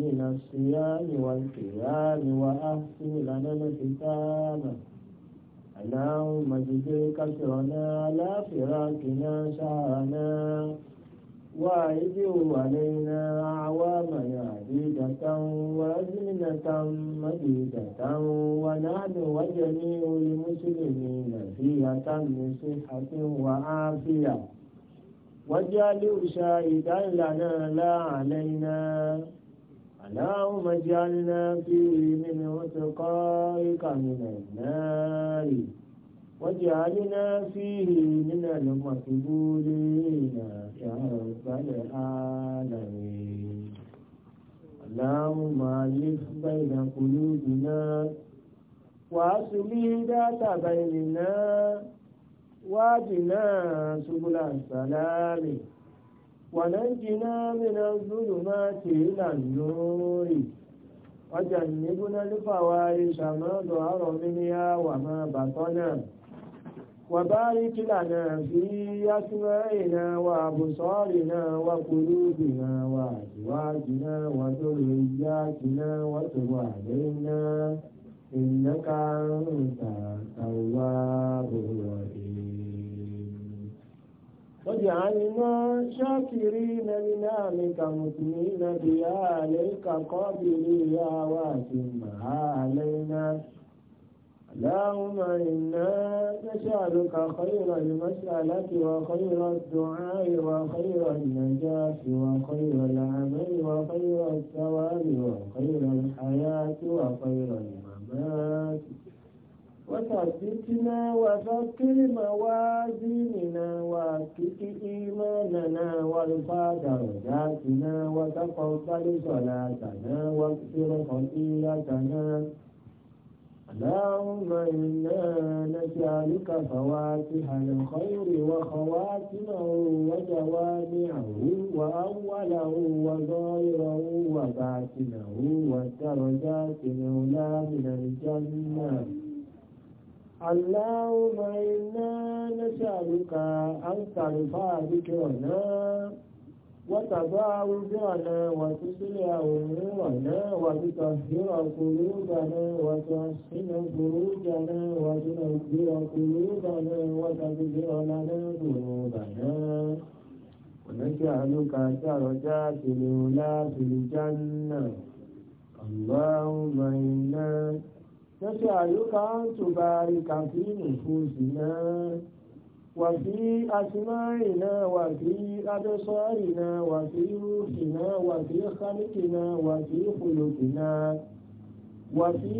من الصيام والقيام وأحسن لنا الختام اللهم اجزل كسرنا على فراقنا سهرنا وأعجه علينا أعوامنا عديدة وأزمنة مديدة ونحن وجميع المسلمين في أتم صحة وعافية واجعله شاهدا لنا لا علينا اللهم اجعلنا فيه من عتقائك من النار واجعلنا فيه من المقبولين يا رب العالمين اللهم الف بين قلوبنا واصلح ذات بيننا واجنا سبل السلام ونجنا من الظلمات إلى النور وجنبنا الفواحش ما ظهر منها وما بطن وبارك لنا في أسماعنا وأبصارنا وقلوبنا وأزواجنا وذرياتنا وتب علينا إنك أنت التواب الرحيم واجعلنا شاكرين لنعمك مسلمين بها عليك قابليا واتمها علينا اللهم إنا نسألك خير المسألة وخير الدعاء وخير النجاة وخير العمل وخير الثواب وخير الحياة وخير الممات وثبتنا وذكر موازيننا واكف إيماننا وارفع درجاتنا وتقبل صلاتنا واغفر خطيئتنا اللهم إنا نسألك فواتح الخير وخواتمه وجوامعه وأوله وظاهره وباطنه والدرجات الأولى من الجنة اللهم إنا نسألك أن ترفع ذكرنا وتضع وجعنا وتصلع أمورنا وتطهر قلوبنا وتحسن فروجنا وتنذر قلوبنا وتغفر لنا ذنوبنا ونسألك درجات الأولى في الجنة اللهم إنا Yẹ́sẹ̀ àyíká ń tòbà ìkàfínì fún ìsìnà wà sí asimárì náà wà sí adẹ́sọ́rì náà wà sí rúfì náà wà sí sáníkì náà wà sí fòlòkì náà wà sí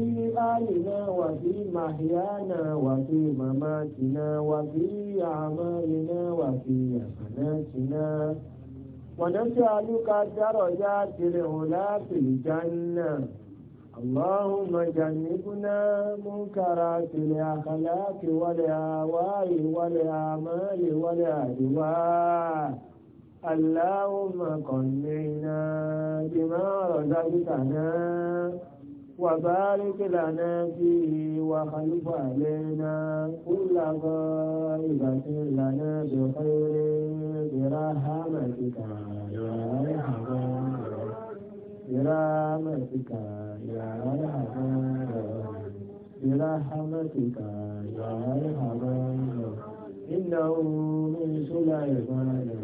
áàlì náà wà sí màhíá náà wà sí màmáàtì náà wà sí àmárì náà wà sí àkànáàtì náà. Wọ̀nẹ́sẹ̀ àyíká dárọ̀ já tìrẹ̀ hùlá fìlì jánà. اللهم جنبنا منكرات الأخلاق والأهواء والأعمال والأهواء اللهم قنعنا بما رزقتنا وبارك لنا فيه وخلف علينا كل غائبة لنا بخير برحمتك يا أرحم برحمتك يا مرحبا برحمتك يا مرحبا إنه من سليمان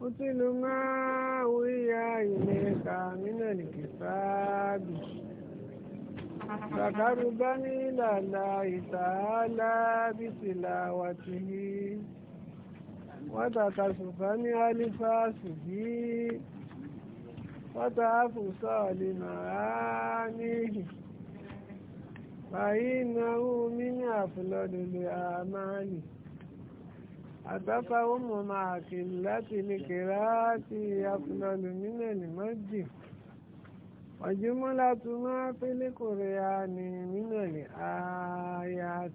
قتل ما أوحي إليك من الكتاب فقربني إلى الله تعالى بتلاوته وتكسفني لفاسه وتعفصا لمعانيه فإنه من أفضل الأعمال أتفهم مع قلة لقراءتي أفضل من المجد وجملة ما في القرآن من الآيات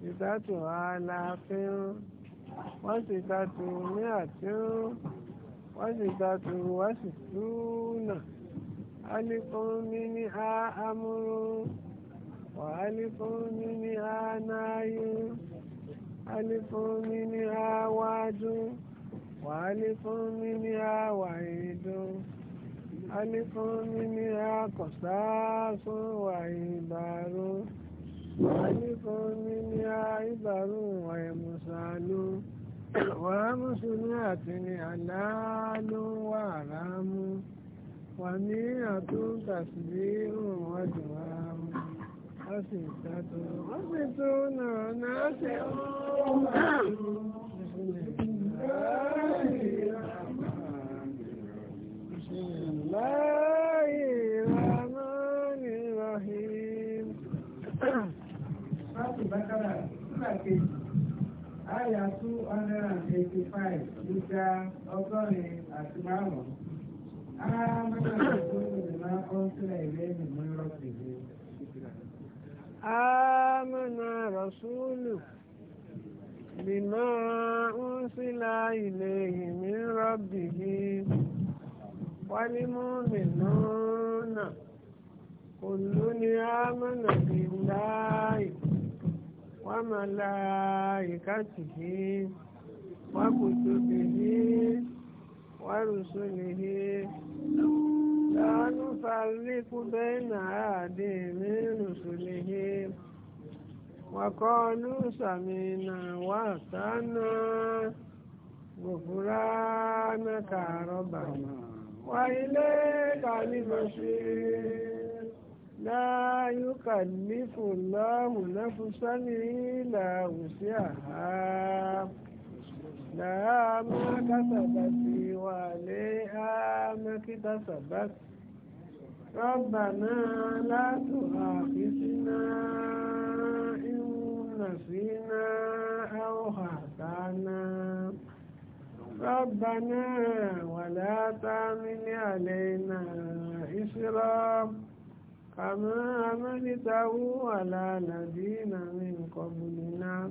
ستة آلاف وستة مئة وستة وستون ألف منها أمر وألف منها نهي ألف منها وعد وألف منها وعيد ألف منها قصاص وعبار ألف منها عبر ومثال ومسنات حلال وحرام ومئة تسبيح ودعاء أصدون ناصرون بسم الله الرحمن الرحيم Fati ọgọ́rin àti márùn-ún. Ara mẹ́ta ìgbóhùn ìlànà ọ̀sẹ̀ ìrẹ́ni mọ́ ìrọ̀sẹ̀ ìgbóhùn. آمن رسوله بما أنزل إليه من ربه والمؤمنون كل آمن بالله وملائكته وكتبه ورسله láàánú fàríkú bẹ́ẹ̀nà àdé mẹ́rin sùlẹ̀hé wàkọ́ọ̀lù sàmìnà wà sánà gbòfúrá mẹ́ka rọ́bà wà ilé kàlífàṣe láyú kàlífù lọ́hùn lẹ́fúsánì ìlà òsì àhá. لها ما كسبت وعليها ما اكتسبت ربنا لا تؤاخذنا إن نسينا أو خطأنا ربنا ولا تعمل علينا إسرا كما عملته على الذين من قبلنا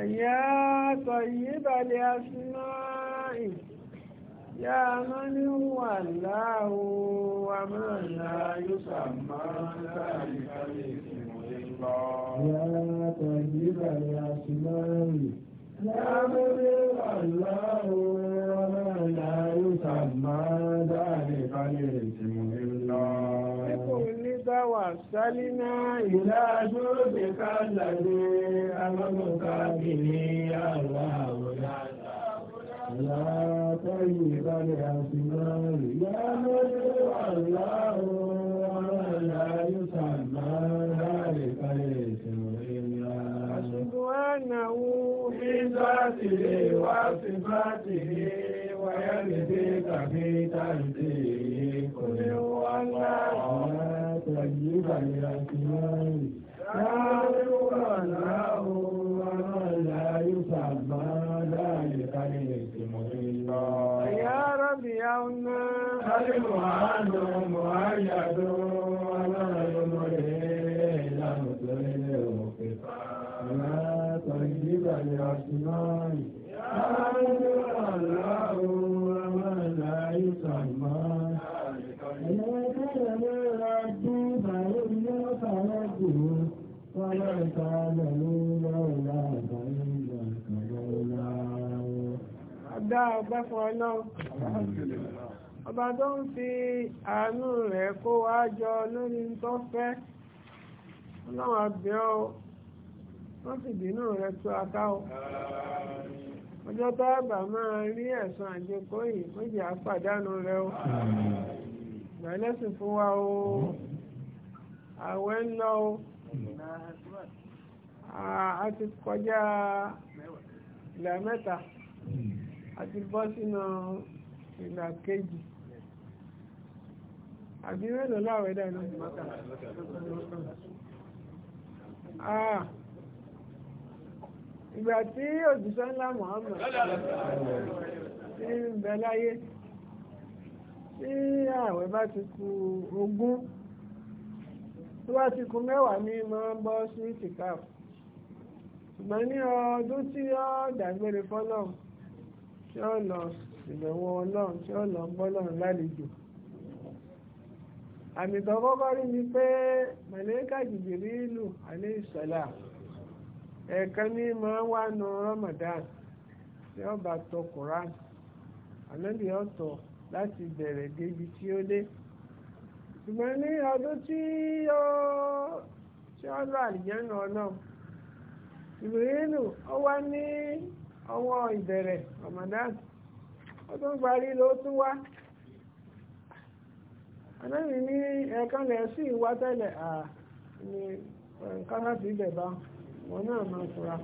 يا طيب الأسماء يا من هو الله ومن لا يسمى ذلك الاسم يا طيب الأسماء يا من هو الله ومن لا يسمى ذلك الاسم sálínà ìlàjú ti ká làdé alámọ̀ká kìíní àlá àwòrán àlá. Àlàáfẹ́ yìí bá lè àṣìmọ́ rí. Yá lójú àláwọ̀ ọ̀rọ̀ yóò sàmà láàrin káyẹ̀ ìṣòro ìrìnà. Àṣùgbọ́n طيب الاسمان لا يقنعه ومن لا يسمى ذلك الاسم الا يا رب يوما المعان مؤيد ولا يمري لم تلقى ما طيب الاسمان ọgbẹ́ fún ọlọ́run ọba tó ń fi àánú rẹ̀ kó wá jọ lórí tó fẹ́ ọlọ́run àbẹ̀ ọ, wọ́n sì bínú rẹ̀ tó akáwọ̀. ọjọ́ tó àbà máa rí ẹ̀sùn àjẹkọ́ yìí méjì àpàdánù rẹ̀ o ìgbàlẹ́sìn fún wa o àwẹ̀ ń lọ o a ti kọjá ìlà mẹ́ta. àti bọ́ sínú ìgbà kejì àbí mélòó láwẹ̀ dànù ah. ìgbà tí òjìṣẹ́ ńlá Muhammad ti ń bẹ láyé tí ààwẹ̀ bá ti ku ogún tó bá ti ku mẹ́wàá ní máa ń bọ́ sí tìkáàfù ṣùgbọ́n ní ọdún tí ó dàgbére fọ́lọ́mù tí ó lọ ṣèbẹ̀wò ọlọ́run tí ó lọ bọ́lọ́run lálejò àmì tó rí ni pé màlẹ́kà Jìbìrílù aléìsàlá ẹ̀ẹ̀kan ní máa ń wá nu Ramadan tí ó bá tọ Quran ànábì ọ̀tọ̀ láti bẹ̀rẹ̀ débi tí ó dé ṣùgbọ́n ní ọdún tí ó tí ó lọ àlìjẹ́nu ọlọ́run ó wá ọwọ́ ìbẹ̀rẹ̀ Ramadan ó tún parí ló tún wá anábì ní lẹ̀ sí ìwá tẹ́lẹ̀ à ní ibẹ̀ bá náà máa fura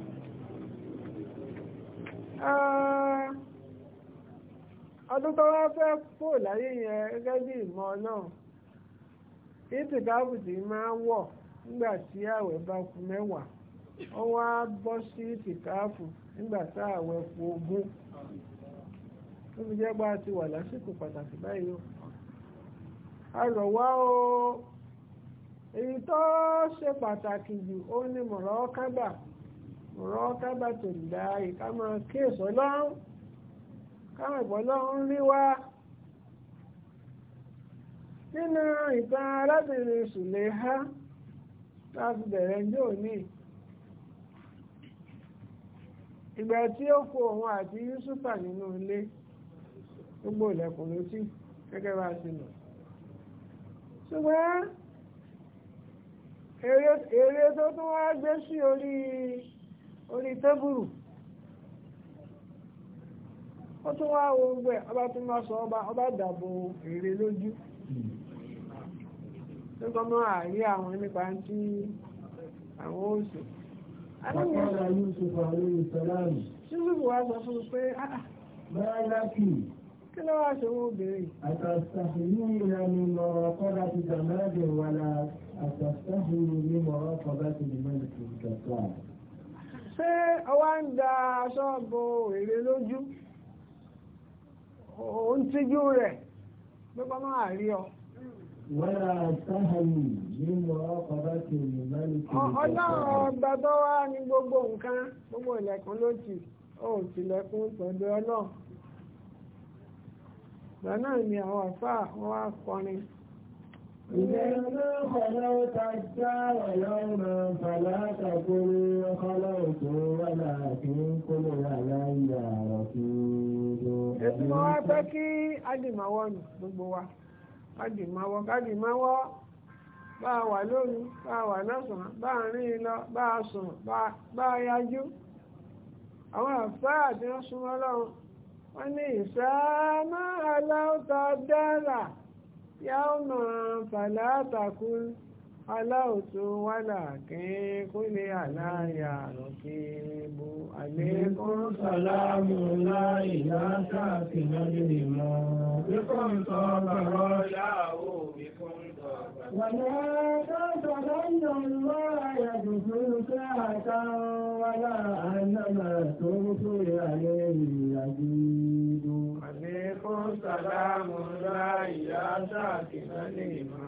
ọdún tó wá fẹ́ pò láyé yẹn gẹ́gẹ́ bí ìmọ̀ máa wọ̀ nígbà tí àwẹ̀ bá mẹ́wàá ó wá bọ́ sí tìkáàfù nígbà tá àwẹ̀ kù ogún tó fi jẹ́ bá ti wà lásìkò pàtàkì báyìí a rọ̀ wá o èyí tó ṣe pàtàkì jù ó ní mọ̀rọ̀ kábà tó dá ìka máa kíyèsí ọlọ́run káwọn ìbọ̀lọ́run rí wá nínú ìtàn arábìnrin láti bẹ̀rẹ̀ ìgbà tí ó kó òun àti Yusufa nínú ilé gbogbo ìlẹ̀kùn ló sí gẹ́gẹ́ bá a ti mọ̀ ṣùgbọ́n èrè tó tún wá gbé sí orí orí tẹ́bùrù ó tún wá wo gbẹ ọba tún máa sọ ọba ọba dàbò èrè lójú nígbà máa rí àwọn nípa tí àwọn ó Àkọ́lá Yusuf Àlẹ́ Ìsọ̀láàmù. Yusuf wa sọ fún un pé, Bẹ́ẹ̀ ah, ah, lákì. Kí ló wá ṣe wọ́n obìnrin? Àtàṣàfihì ìlà ni mọ̀rọ̀ kọ́lá ti dàmáàdì wà lá àtàṣàfihì ní mọ̀rọ̀ kọ́lá ti dàmáàdì tó dàtọ́. Ṣé ọwá ń da aṣọ bo èrè lójú? Òun tíjú rẹ̀, pé kọ́ máa rí ọ. Wọ́n sáhàlì nínú ọkọ̀bátì ìmọ̀lì kìí. Ọlọ́run ọgbà tó wá ní gbogbo nǹkan, gbogbo ìlẹ̀kùn ló ti, ó ti lẹ̀kùn tọ̀dọ̀ ọlọ́run. Ìgbà náà ni àwọn àfáà wọ́n wá kọrin. إذا خلوت الدار يوما فلا تقل خلوت ولكن قل علي رقيب. Ẹ̀sùn wa fẹ́ kí Adìmọ̀ wọ̀nù gbogbo wa kádìmáwọ́ kádìmáwọ́ bá a wà lóru bá a wà lọ́sàn-án bá a rìn lọ bá a sùn bá a yájú àwọn àfáà tí wọ́n súnmọ́ lọ́run wọ́n ní ìsáàmà aláwọ̀ta dára yàwó mọ̀ fàlàtàkùn aláòtú wádà kí kú lè aláyà rọ̀kí bu àlékún sàlámù láì láta sí lọ́lẹ̀ mọ́. Bíkún tọ́ bàrọ̀ yàwó bíkún tọ́ bàrọ̀. Wàlẹ́ tó sọ̀rọ̀ lọ yàtùkú káàkà wàlá ànàmà tó kú ìrànlẹ́ ìrìnàjò. Àlékún sàlámù láì láta sí lọ́lẹ̀ mọ́.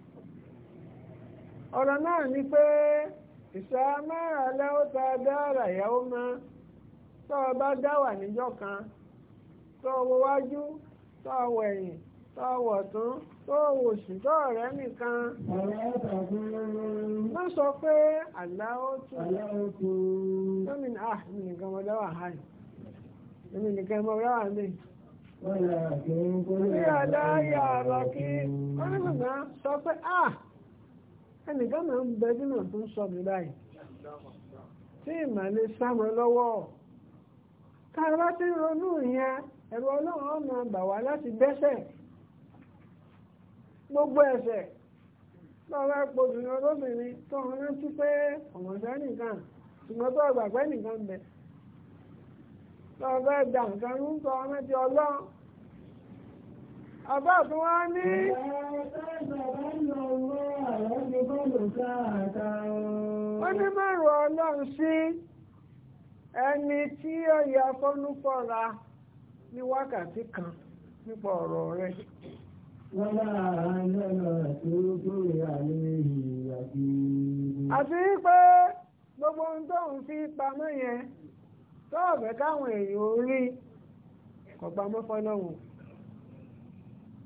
ọ̀rọ̀ náà ni pé ìṣàmára lẹ́wọ́ ta dára ìyàwó mọ́ tó dáwà níjọ́ kan tó wájú tó ẹ̀yìn tó o tún tó o wò sí tó nìkan. wọ́n sọ pé ẹnìkan máa ń bẹ dínà tó ń sọ mi báyìí tí ìmọ̀lẹ́ sáwọn lọ́wọ́ ká bá ronú ìyẹn ẹ̀rọ ọlọ́run ọ̀nà bà wá láti dẹ́ṣẹ̀ gbogbo ẹ̀ṣẹ̀ lọ́wọ́ ẹ̀pọ̀bìnrin olóbìnrin tó ń rántí pé ọ̀mọ̀ṣẹ́ nìkan ṣùgbọ́n tó gbàgbẹ́ nìkan bẹ̀ lọ́wọ́ ẹ̀dà nǹkan ń sọ ọmọ ti ọlọ́run wọ́n ní mẹ́rùn ọlọ́run sí ẹni tí ó yà fọ́núfọ́ra ní wákàtí kan nípa ọ̀rọ̀ rẹ̀. àti pé gbogbo ohun tó ń fi pamọ́ yẹn tó ọ̀fẹ́ káwọn èèyàn orí kọ̀pamọ́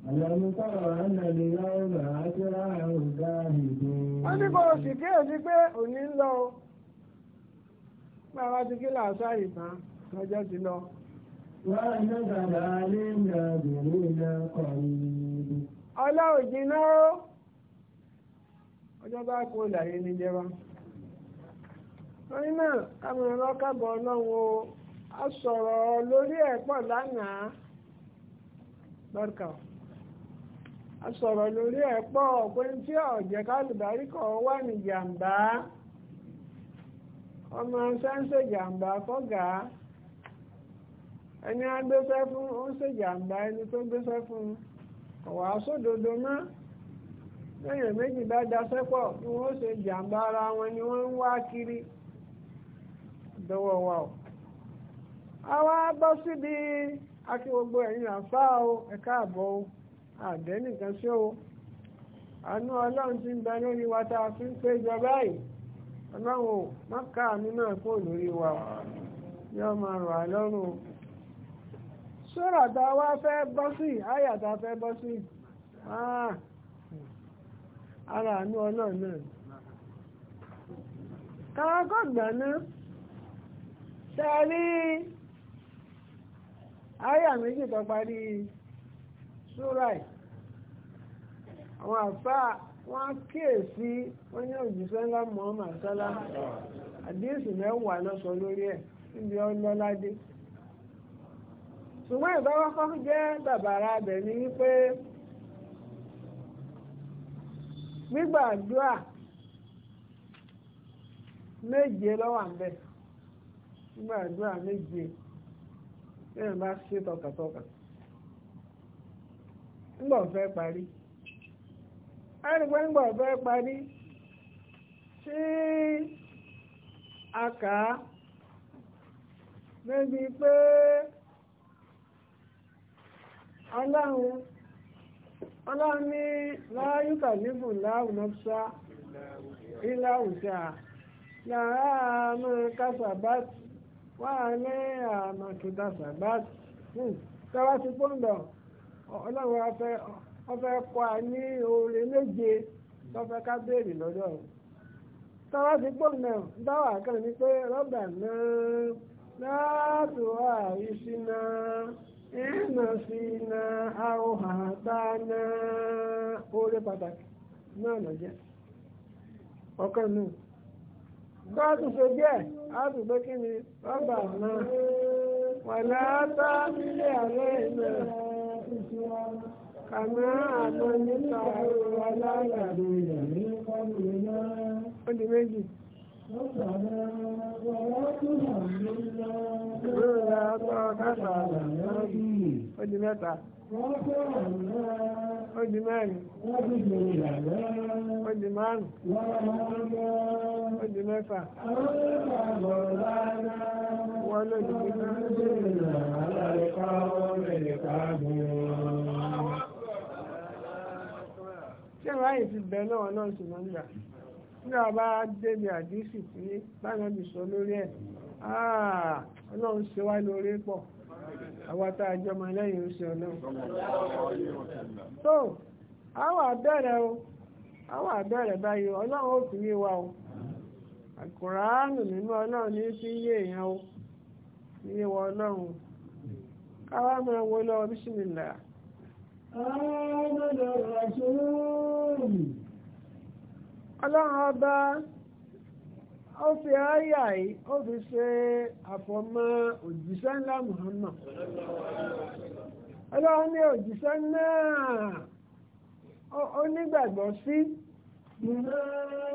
Ala sọ̀rọ̀ ọ̀nà ni yóò nà á Ọ pé òní ń lọ o. ti kí làásà ìtàn lọ́jọ́ ti lọ. Wọ́n ní bàbá Ọjọ́ bá kú ìlàyé ní jẹba. náà, A sọ̀rọ̀ lórí lánàá. asọrọ sọ̀rọ̀ lórí ẹ̀pọ̀ pọ̀ tí ọ̀jẹ̀ kálùbáríkọ̀ wà ní jàǹbá ọmọ sáńsẹ̀ jàǹbá kọ́gà ẹni agbésẹ́ fún ó ń ṣe ẹni tó gbésẹ́ fún ọ̀wà sódodo mọ́ lẹ́yìn méjì bá daṣẹ́ pọ̀ wọ́n ara wọn ni wọ́n ń wá kiri dọwọ́ wa o. àwa bọ́ síbi akí àdẹ́nìkan ṣé o àánú ọlọ́run ti ń bẹ lórí wa a fi ń pé ìjọba yìí ọlọ́run ò má káàánú lórí wa yóò máa rọ̀ àlọ́run sọ́rọ̀ wá fẹ́ bọ́ sí fẹ́ bọ́ sí ah. ara àánú ọlọ́run náà káàkọ́ tẹ́rí méjì súra yìí àwọn àfáà wọ́n á kíyèsí wọ́n onye òjíṣẹ́ ńlá Muhammad sálá àdéhùn mẹ́wàá náà lórí ẹ̀ níbi ọlọ́ládé ṣùgbọ́n ìbáwọ́kọ́ jẹ́ bàbàrà abẹ̀ ní wípé gbígbàdúà méje lọ́wọ́ àbẹ̀ gbígbàdúà méje bá ńgbà ọ̀fẹ́ parí ẹnìgbẹ́ ńgbà ọ̀fẹ́ parí tí a kà á níbi pé ọlọ́run ọlọ́run ní láyúkà níbù láwùnọ́sá ìlàwùsá lára àmọ́ kásàbátì wà ní àmọ́ kìtàsàbátì tọ́wọ́ hmm, ti pọ́ńdọ̀ ọlọ́run ọfẹ́ kọ́ a ní oore méje tọ́fẹ́ ká béèrè lọ́dọ̀ tọ́wọ́ ti gbóhùnà dáwà kan ní pé rọ́bà náà látòwà ìṣúná ìrìnà sí iná àròhàn dáná oore pàtàkì náà lọ́jẹ́ ọ̀kan náà Gọ́ọ̀tù ṣe a pé kí ni rọ́bà náà wà látà nílé Kàmá àmọ́ nípa ọ̀rọ̀ aláyàdó rẹ̀ ní kọ́mù náà. Ó di méjì. Lóòrà ọkọ̀ kásà ó di mẹ́ta. Ó di mẹ́rin. Ó di márùn-ún. Ó di mẹ́fà. Ó di mẹ́fà. wọn náà ní kíkà. ṣé ráyè ti bẹ̀ náà náà sì ló ń gbà a bá débi àdísì tí báyọ̀ bì sọ lórí ẹ̀ ọlọ́run ṣe wá lórí pọ̀ àwọn tá a lẹ́yìn oṣù ọlọ́run. tó àwọn àbẹ̀rẹ̀ báyìí ọlọ́run ó fi wa nínú ọlọ́run ní yé èèyàn níye wọ ọlọ́run káwá máa wọ lọ́wọ́ bísímìlà. ọlọ́run ọba ó fi àyà yìí ó fi ṣe àfọmọ́ òjíṣẹ́ ńlá Muhammad ọlọ́run ní òjíṣẹ́ náà ó nígbàgbọ́ sí. Ìgbà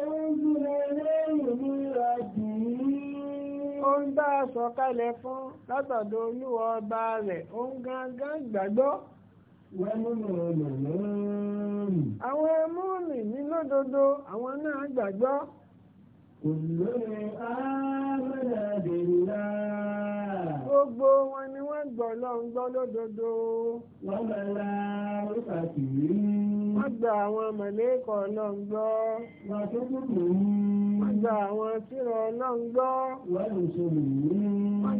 ẹ̀rọ ìgbìmọ̀ ẹlẹ́yìn ní àdìyí. ń bá a sọ̀kalẹ̀ fún látọ̀dọ̀ olúwa ọba rẹ̀ òun gangan gbàgbọ́. àwọn múmi nílódodo àwọn náà gbàgbọ́. kò lóye Gbogbo wọn ni wọ́n gbọ́ lọ́n gbọ́ lódodo. Wọ́n gbẹ̀rẹ̀ rí. Wọ́n gba àwọn mọ̀lẹ́kọ̀ lọ́n gbọ́. Wọ́n tó àwọn tírọ̀ lọ́n gbọ́. Wọ́n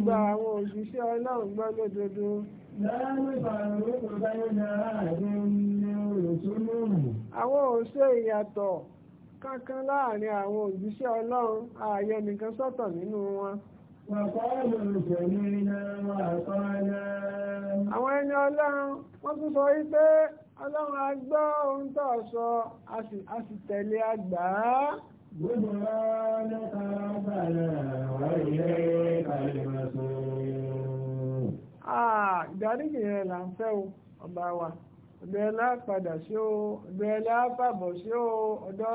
lè àwọn òṣìṣẹ́ ọlọ́run gbọ́ lódodo. Àwọn òṣè ìyàtọ̀ kankan láàrin àwọn òjíṣẹ́ ọlọ́run ààyè nìkan sọ́tọ̀ nínú wọn. Àwọn ẹni ọlọ́run wọ́n tún sọ wípé ọlọ́run a gbọ́ ohun tó sọ a sì tẹ̀lé àgbà. Gbogbo ọlọ́ta bàrẹ̀ wọ́n ilé kàlùmọ̀sọ. Àà ìdáríjì yẹn là ń fẹ́ o, ọba wa. Ọ̀dọ̀ ẹlá padà sí o, ọ̀dọ̀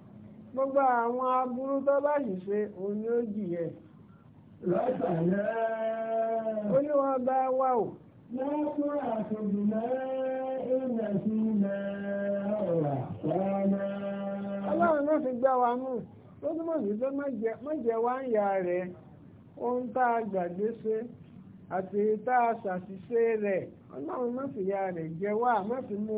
gbogbo àwọn aburú tó bá sì ṣe òun ni ó jìyẹ olúwa bá wà o lọ́kùn àtòbìnà ìrìnà sí ilẹ̀ ọ̀rà ọ̀rọ̀ ọlọ́run ló fi gbá wa mú ló túnmọ̀ sí pé mọ́jẹ wá ń ya rẹ̀ ohun tá a gbàgbé ṣe àti tá a ṣàṣìṣe rẹ̀ ọlọ́run má rẹ̀ jẹ wá má fi mú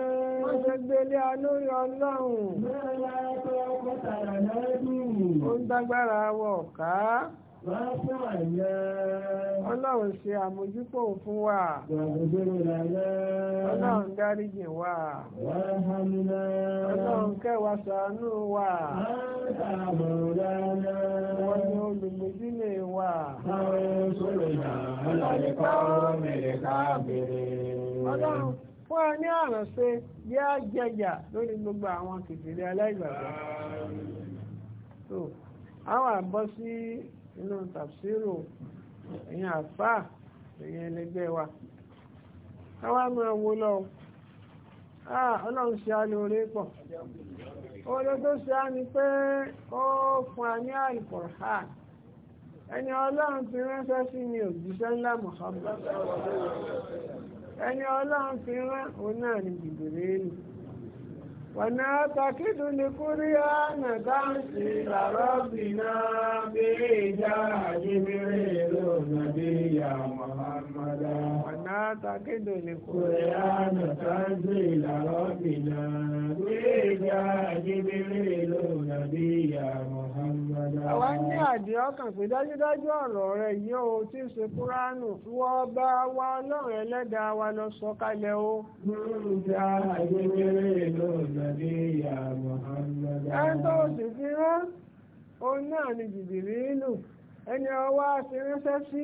Wọ́n ṣe gbélé alórí ọlọ́run. Ó ń dágbára wọ̀ ká. Ọlọ́run ṣe àmójúpò fún wa. Ọlọ́run dáríjì wa. Ọlọ́run kẹwàá ṣàánú wa. Wọ́n ní olùgbèjìlè wa. Ọlọ́run fún ẹ ní àrùn ṣe yá lórí gbogbo àwọn kìtìrí aláìgbàgbọ́ so àwọn àbọ́ sí inú tàbsírò èyàn àfà èyàn ẹlẹgbẹ́ wa káwá máa wo lọ ọlọ́run ṣe á lóore pọ̀ oore tó ṣe á ni pé ó fún a ní al ẹni ọlọ́run ti ránṣẹ́ sí mi òjíṣẹ́ ńlá Muhammad ẹni ọlọ́run fi rán òun náà ní jìbìrìlù wọ̀nà àtàkìtù ní kúríà nàdáǹsì làrọ́bìnà bí ìjà jìbìrìlù nàbí ìyá mọ́ محمدا ونعتقد القرآن تنزيل ní àdé ọkàn pé dájúdájú ọ̀rọ̀ rẹ̀ yóò tí ń ṣe kúránù wọ́ bá wa ọlọ́run ẹlẹ́dàá wa lọ sọ o. Múrùdá tó sì fi rán, òun náà ni ẹni ránṣẹ́ sí.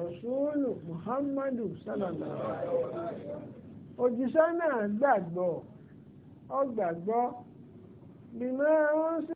rọ̀ṣúlù muhammadu sallallahu alaihi wasallam òjíṣẹ́ náà gbàgbọ́ ọ gbàgbọ́ bí máa ń